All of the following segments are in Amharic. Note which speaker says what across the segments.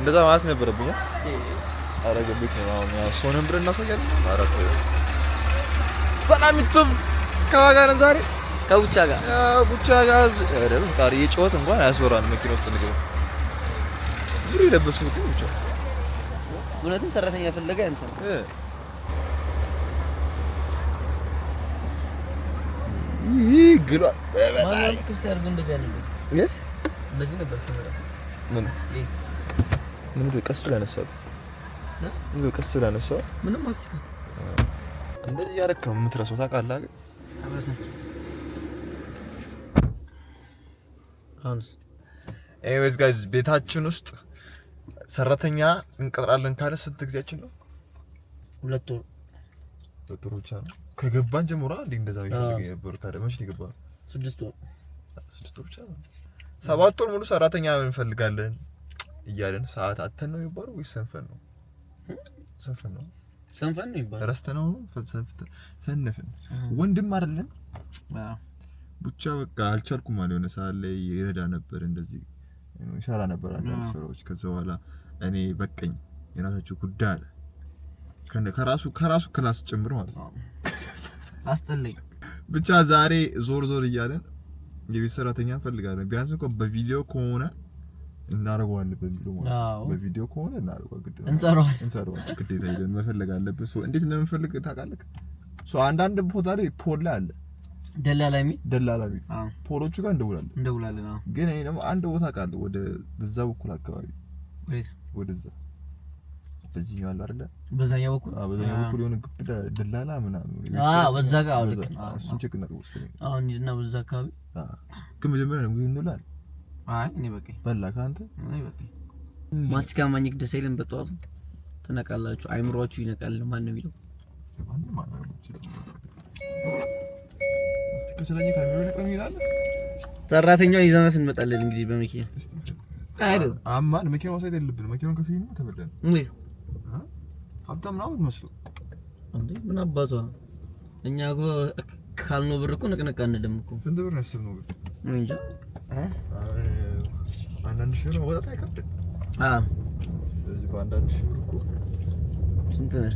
Speaker 1: እንደዛ ማለት ነበረብኝ። አረገቤት ሰሆንን ብለን እናሳያለን። ሰላም ዩቱብ ከዋጋ ዛሬ ከቡቻ ጋር ቡቻ ጋር ዛሬ የጨወት እንኳን አያስወራን መኪና ውስጥ ንግባ ብሩ የለበስኩት ነው ብቻ
Speaker 2: እውነትም ሰራተኛ ፈለገ ያንተ
Speaker 1: ይህ ግሏል።
Speaker 2: ክፍት ያድርገው እንደዚህ ነበር
Speaker 1: ምን ምንድን ቀስ ብላ ነሳው ምንድን ቀስ ብላ ነሳው። ምንም ማስቲካ እንደዚህ ያደረክ ነው የምትረሳው ታውቃለህ አይደል? ኤኒዌይስ ጋይስ ቤታችን ውስጥ ሰራተኛ እንቀጥራለን ካለ ስንት ጊዜያችን ነው? ሁለት ወር ሁለት ወር ብቻ ነው። ከገባን ጀምሮ አንዴ እንደዛ ይሄ ነበር። ታዲያ መቼ የገባነው? ስድስት ወር ስድስት ወር ብቻ ነው። ሰባት ወር ሙሉ ሰራተኛ እንፈልጋለን እያለን ሰዓት አተን ነው የሚባለው ወይስ ሰንፈን ነው? ሰንፈን ነው፣
Speaker 2: ሰንፈን ነው ይባላል።
Speaker 1: ረስተነው ሰንፍን ወንድም አይደለም ብቻ በቃ አልቻልኩም። ማለት የሆነ ሰዓት ላይ ይረዳ ነበር፣ እንደዚህ ይሰራ ነበር አንዳንድ ስራዎች። ከዛ በኋላ እኔ በቀኝ የራሳቸው ጉዳይ አለ ከራሱ ከራሱ ክላስ ጭምር ማለት ነው። አስጠለኝ ብቻ ዛሬ ዞር ዞር እያለን የቤት ሰራተኛ እንፈልጋለን። ቢያንስ እንኳን በቪዲዮ ከሆነ እናደርገዋለን በሚለው ማለት በቪዲዮ ከሆነ እናደርገዋለን ግድ ነው እንሰራዋለን፣ ግዴታ ሄደን መፈለግ አለብን። እንዴት እንደምንፈልግ ታውቃለህ። አንዳንድ ቦታ ላይ ፖል ላይ አለ ደላላ የሚል ደላላ የሚል ፖሎቹ ጋር እንደውላለን እንደውላለን። ግን እኔ ደግሞ አንድ ቦታ አውቃለሁ፣ ወደ በዛ በኩል አካባቢ ወደዛ በዚህኛው አለ አይደለ፣ በዛኛው በኩል አዎ፣ በዛኛው በኩል የሆነ ግብዳ ደላላ ምናምን
Speaker 2: አዎ፣ በዛ ጋር አዎ፣ ልክ ነው።
Speaker 1: እሱን ቼክ እናደርገው ወሰደኝ።
Speaker 2: አዎ፣ እንሂድና በዛ አካባቢ
Speaker 1: አዎ፣ ግን መጀመሪያ ነው እንውላለን
Speaker 2: ማስቲካ ማኝክ ደስ አይልም። በጠዋቱ ትነቃላችሁ፣ አይምሯችሁ ይነቃል። ማን ነው የሚለው? ሰራተኛዋን ይዘናት እንመጣለን። እንግዲህ በመኪና አይደል?
Speaker 1: አማን መኪና ማሳየት የለብንም። መኪናውን ከሰይኑ ተበደለ እንዴ! ሀብታም ነው የምትመስለው
Speaker 2: እንዴ? ምን አባቷ እኛ እኮ ካልነው ብር እኮ ንቅንቅ አንልም እኮ።
Speaker 1: ስንት ብር ያስብ ነው ግን እንጃ አንዳንድ ሺህ ብር መወጣት አይከብድም። ስለዚህ በአንዳንድ ሺህ ብር እኮ ስንት ነሽ?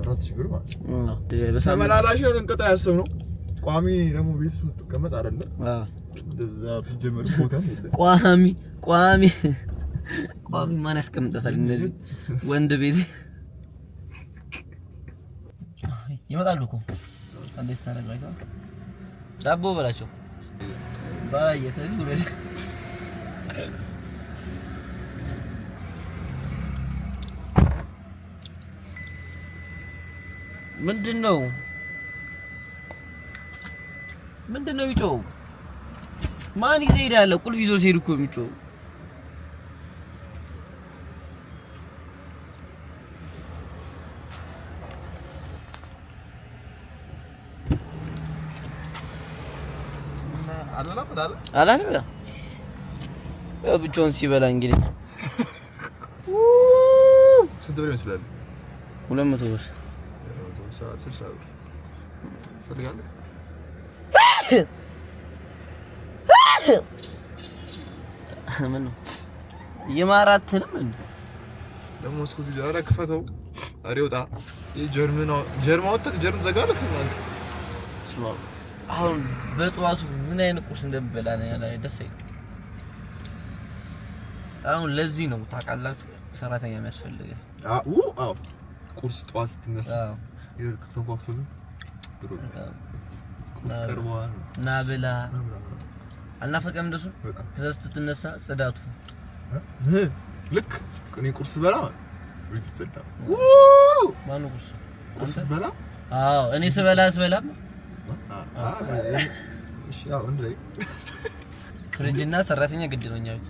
Speaker 1: አራት ሺህ ብር ማለት
Speaker 2: ነው።
Speaker 1: ተመላላሽ የሆነ እንቅጥር ያሰብነው ቋሚ ደግሞ ቤት ውስጥ ትቀመጥ አይደለም።
Speaker 2: ቋሚ ቋሚ ቋሚ ማን ያስቀምጠታል? እነዚህ ወንድ ቤት ይመጣሉ እኮ አንዴ ስታረጋይታ ዳቦ በላቸው ባየ ስለዚህ ያህል ምንድን ነው ምንድን ነው የሚጮኸው? ማን ይዘህ ሄዳለህ? ቁልፍ ይዞ ሲሄድ እኮ የሚጮኸው አላለም። ያው ብቻውን ሲበላ እንግዲህ
Speaker 1: ስንት ብር ይመስላል?
Speaker 2: ሁለት መቶ ብር ምን ነው የማራትንም
Speaker 1: ደግሞ ክፈተው፣ ጀርመን ጀርመን ዘጋለህ።
Speaker 2: አሁን በጠዋቱ ምን አይነት ቁርስ እንደምበላ ነው ያለ ደስ አይልም። አሁን ለዚህ ነው ታውቃላችሁ ሰራተኛ የሚያስፈልገን።
Speaker 1: አዎ ቁርስ ጠዋት ስትነሳ
Speaker 2: ና ብላ አልናፈቀም እንደሱ። ከዛ ስትነሳ ጽዳቱ
Speaker 1: ልክ እኔ ቁርስ በላ ቤት ይጸዳል። ማነው ቁርስ ቁርስ በላ?
Speaker 2: አዎ እኔ ስበላ ስበላ
Speaker 1: ስበላም
Speaker 2: ፍሪጅና ሰራተኛ ግድ ነው እኛ ቤት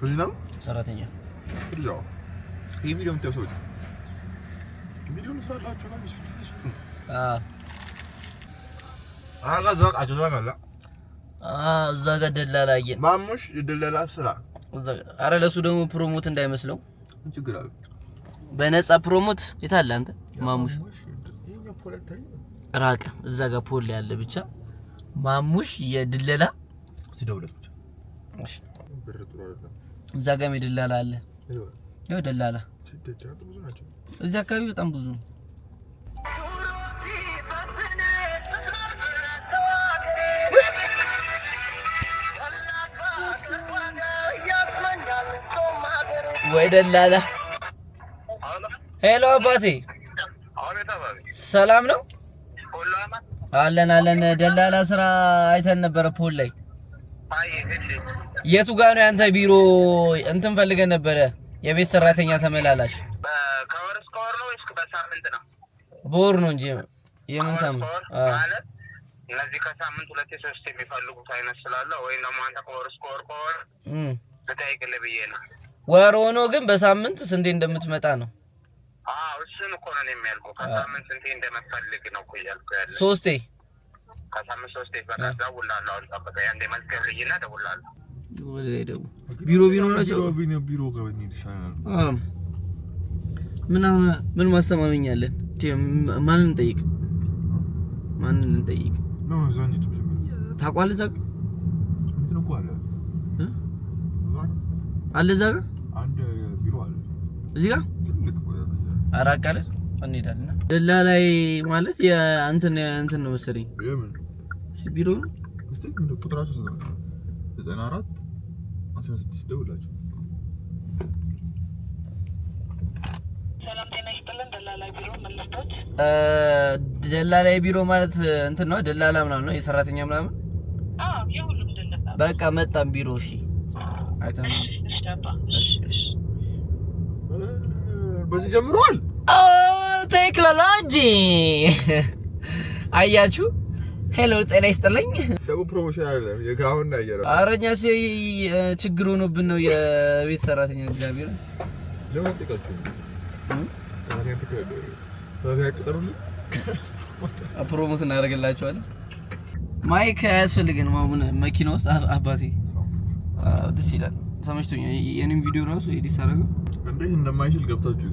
Speaker 2: ከዚህና ሰራተኛ
Speaker 1: ልጅ ይህ ቪዲዮ የምታዩ ሰዎች ቪዲዮ ስራላችሁ ነው
Speaker 2: እዛ ጋር ደላላ አየን።
Speaker 1: ማሙሽ የደላላ ስራ።
Speaker 2: አረ ደግሞ ፕሮሞት እንዳይመስለው ችግር አለ። በነፃ ፕሮሞት የታለ አንተ ማሙሽ ራቀ። እዛ ጋር ፖል ያለ ብቻ ማሙሽ የድለላ እዛ ጋም የደላላ አለ። ያው ደላላ እዚህ አካባቢ በጣም ብዙ ነው። ወይ ደላላ። ሄሎ አባቴ ሰላም ነው? አለን አለን። ደላላ ስራ አይተን ነበረ ፖል ላይ የቱ ጋር ነው ያንተ ቢሮ? እንትን ፈልገን ነበረ የቤት ሰራተኛ ተመላላሽ።
Speaker 3: ከወር እስከ ወር ነው ወይስ በሳምንት ነው?
Speaker 2: በወር ነው እንጂ የምን ሳምንት
Speaker 3: ማለት እነዚህ ከሳምንት ሁለቴ ሶስት የሚፈልጉት አይነት ስላለ ወይም ደግሞ አንተ ከወር እስከ ወር ብዬ ነው።
Speaker 2: ወር ሆኖ ግን በሳምንት ስንቴ እንደምትመጣ ነው።
Speaker 3: እሱን እኮ ነው የሚያልከው። ከሳምንት ስንቴ እንደምትፈልግ ነው እኮ እያልኩ ያለ ሶስቴ ከሳምንት ሶስት
Speaker 1: ቢሮ ቢሮ
Speaker 2: ምን ማስተማመኛለን? ማንን እንጠይቅ? ማንን እንጠይቅ? ታውቀዋለህ? አለ እዛ
Speaker 1: ጋር
Speaker 2: እዚህ ጋር አራቅ እንሄዳለን። ደላ ላይ ማለት የእንትን እንትን ነው መሰለኝ ቢሮ
Speaker 1: ነው ቁጥራቸው ዘጠና አራት አስራ ስድስት
Speaker 2: ደላላይ ቢሮ ማለት እንትን ነው። ደላላ ምናምን ነው የሰራተኛ ምናምን በቃ መጣም ቢሮ። እሺ
Speaker 1: በዚህ ጀምሯል
Speaker 2: ቴክኖሎጂ አያችሁ። ሄሎ፣ ጤና ይስጥልኝ።
Speaker 1: ደግሞ ፕሮሞሽን አይደለም የጋውን አየረ
Speaker 2: አረኛ ሲ ችግር ሆኖብን ነው የቤት ሰራተኛ እግዚአብሔር
Speaker 1: ለምን ጥቃችሁ
Speaker 2: ፕሮሞት እናደርግላቸዋለን። ማይክ አያስፈልገን ማሙን መኪና ውስጥ አባቴ ደስ ይላል። ተመችቶኛ የኔም ቪዲዮ ራሱ ኤዲት ሳደርገው
Speaker 1: እንዴ እንደማይችል ገብታችሁ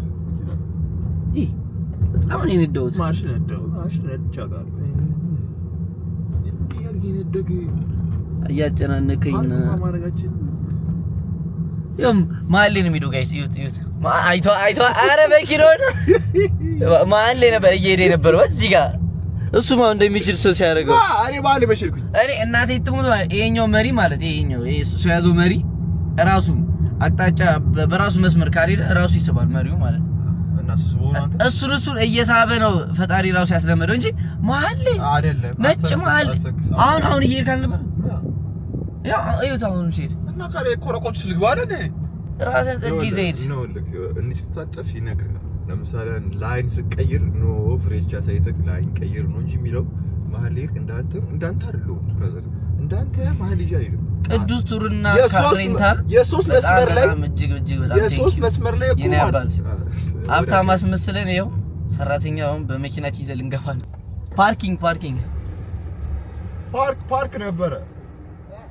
Speaker 2: በጣም ነው የነዳሁት
Speaker 1: ማሽን ነዳሁት ማሽን ነድቻ ጋር እየነደገ
Speaker 2: እያጨናነቀኝ ያም መሀል ነው ጋይስ አይቶ አይቶ አረ ነበር እየሄደ ጋር እንደሚችል ሰው ሲያደርገው በሽልኩኝ። እኔ እናቴ ይሄኛው መሪ ማለት ይሄኛው እሱ መሪ ራሱ አቅጣጫ በራሱ መስመር ካልሄደ ራሱ ይስባል መሪው ማለት ነው። እሱን እሱን እየሳበ ነው ፈጣሪ ራሱ ያስለመደው እንጂ መሀል ላይ ነጭ መሀል አሁን አሁን እየሄድክ አልነበረ? እዩት አሁን ሲሄድ ራስን ጥግ ይዘህ
Speaker 1: እንድትታጠፍ ይነግርሃል። ለምሳሌ ላይን ስቀይር ኖ ፍሬቻ ሳይተክ ላይን ቀይር ነው እንጂ የሚለው መሀል ላይ እንዳንተ እንዳንተ አይደለም እንዳንተ መሀል ይዤ አይደለም
Speaker 2: ቅዱስ ቱርና
Speaker 1: የሶስት መስመር ላይ የሶስት መስመር ላይ
Speaker 2: ሀብታም አስመስለን ይኸው ሰራተኛ አሁን በመኪናችን ይዘን ልንገፋ ነው። ፓርኪንግ ፓርኪንግ
Speaker 1: ፓርክ ፓርክ ነበረ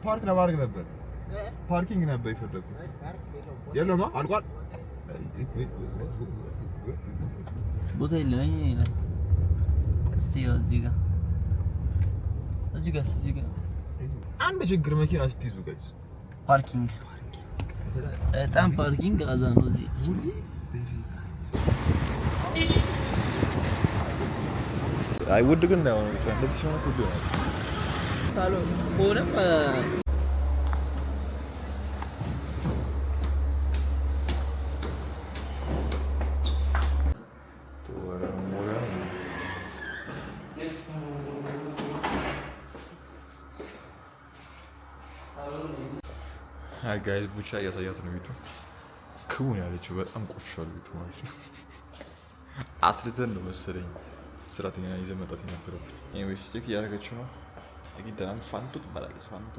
Speaker 1: ፓርክ ለማድረግ ነበር ፓርኪንግ ነበር የፈለኩት። የለማ አልቋል።
Speaker 2: ቦታ የለም። እስቲ እዚህ ጋር እዚህ ጋር እዚህ ጋር
Speaker 1: አንድ ችግር መኪና ስትይዙ ጋይስ
Speaker 2: ፓርኪንግ በጣም ፓርኪንግ አዛ ነው እዚህ
Speaker 1: አይ ውድ ግን እንዳይሆን እንደዚህ ሲሆን ውድ ነው ጋይዝ ብቻ እያሳያት ነው ቤቱ ክቡን ያለችው በጣም ቆፍሻሉ ማለት ነው። አስርተን ነው መሰለኝ ስራተኛ ይዘህ መጣት የነበረው ዩኒቨርስቲ ቼክ እያደረገችው ነው። ግዳም ፋንቱ ትባላለች። ፋንቱ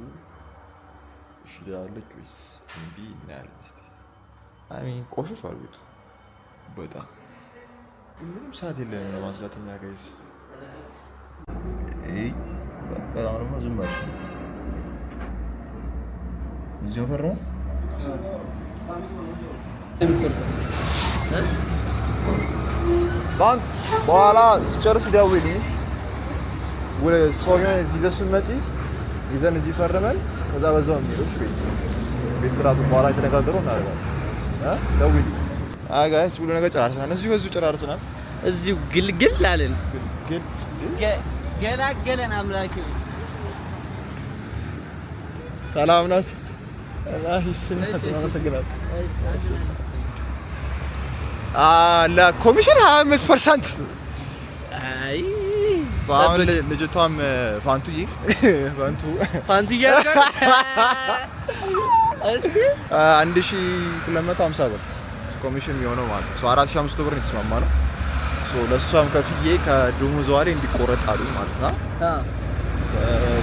Speaker 1: እሺ ትላለች ወይስ እምቢ እናያለን። ስ አሚን ቆሽሿል ቤቱ በጣም ምንም ሰዓት የለንም ለማስላተኛ ጋይዝ በቃ ዝም ባንክ በኋላ ስጨርስ ደውልሽ። ሰውዬውን ይዘሽ ስትመጪ ይዘን እዚህ ፈርመን ከዛ በዛው የሚሄደው ቤት ቤት ስራቱ በኋላ የተነጋገረው እናደርጋለን። ደውል ጋይስ፣ ሁሉ ነገር ጨራርሰናል። እዚሁ በዚሁ ጨራርሰናል።
Speaker 2: እዚሁ ግልግል አለን። ገላገለን አምላክ።
Speaker 1: ሰላም ናት ለኮሚሽን 25 ፐርሰንት አሁን ልጅቷም ፋንቱዬ ፋንቱ ፋንቱዬ አንድ ሺህ ሁለት መቶ ሀምሳ ብር ኮሚሽን የሆነው ማለት ነው። አራት ሺህ አምስት ብር የተስማማ ነው። ለእሷም ከፍዬ ከደሞዟ ላይ እንዲቆረጣሉ አሉ ማለት ነው።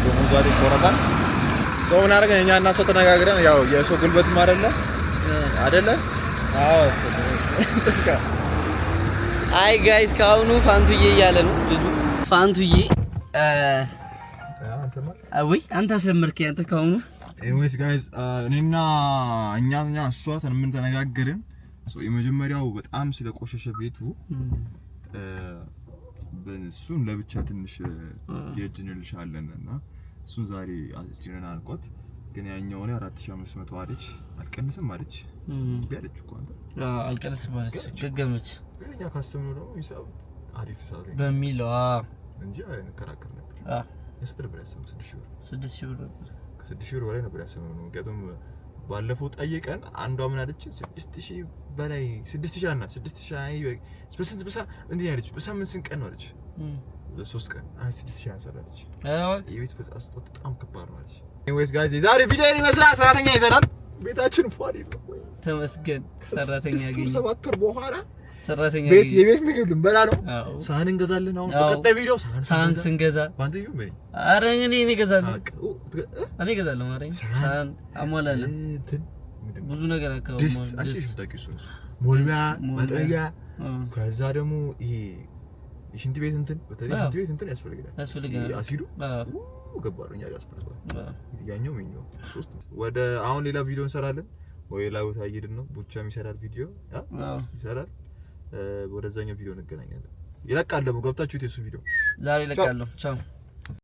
Speaker 1: ደሞዟ ላይ ይቆረጣል። ሰው ምን አደረገን? እኛ እና ሰው ተነጋግረን ያው የሰው ጉልበትም አይደለ አይደለ?
Speaker 2: አዎ። አይ ጋይስ ከአሁኑ ፋንቱዬ እያለ ነው ልጁ። ፋንቱዬ አይ አንተ አስለመርከኝ አንተ ከአሁኑ።
Speaker 1: ኤኒዌይስ ጋይስ እኔና እኛ እኛ እሷ ምን ተነጋገርን? የመጀመሪያው በጣም ስለቆሸሸ ቤቱ እሱን ለብቻ ትንሽ የእጅ እንልሻለን እና እሱን ዛሬ አስጭነን አልቆት ግን ያኛው ነው 4500 አለች። አልቀንስም አለች። ቢያለች እኮ አንተ።
Speaker 2: አዎ አልቀንስም አለች፣ ደገመች።
Speaker 1: ግን እኛ ካሰብነው ነው ሂሳብ አሪፍ ሂሳብ ነው በሚለው እንጂ እንከራከር ነበር። አዎ ስድስት ብር ያሰብነው ስድስት ብር ስድስት ሺህ ብር ከስድስት ሺህ ብር በላይ ነበር ያሰብነው። ምክንያቱም ባለፈው ጠይቀን አንዷ ምን አለች? 6000 በላይ 6000 አናት 6000 አይ በስንት በሳ እንዴ ያለች በሳምንት ስንት ቀን ነው አለች ሶስት ቀን ስድስት ሺህ አንሰላለች። የቤት በጣም ከባድ ነው ናለች። ኤኒዌይስ ጋይስ የዛሬ ቪዲዮ ይመስላል። ሰራተኛ ይዘናል። ቤታችን ፏል
Speaker 2: ተመስገን። ሰራተኛ ያገኘ
Speaker 1: ሰባት ወር በኋላ
Speaker 2: ሰራተኛ ቤት
Speaker 1: የቤት ምግብ ልንበላ ነው። ሳህን እንገዛለን። አሁን በቀጣይ ቪዲዮ
Speaker 2: ሳህን ስንገዛ ባንተ ይሁን በይ። ኧረ እኔ እኔ እገዛለሁ፣ እኔ እገዛለሁ። ማረኝ ሳህን አሟላለን። ብዙ ነገር አካባቢ
Speaker 1: ሞልሚያ መጥረጊያ፣ ከዛ ደግሞ ይሄ ሽንት ቤት እንትን በተለይ ሽንት ቤት እንትን ያስፈልጋል ያስፈልጋል። አሲዱ ገባረኛ ያስፈልጋል። ያኛው ይኛው ሶስት ወደ አሁን ሌላ ቪዲዮ እንሰራለን ወይ ሌላ ቦታ እየሄድን ነው። ቡቻም ይሰራል ቪዲዮ ይሰራል። ወደዛኛው ቪዲዮ እንገናኛለን። ይለቃል ደግሞ ገብታችሁ የሱ ቪዲዮ
Speaker 2: ዛሬ ይለቃለሁ። ቻው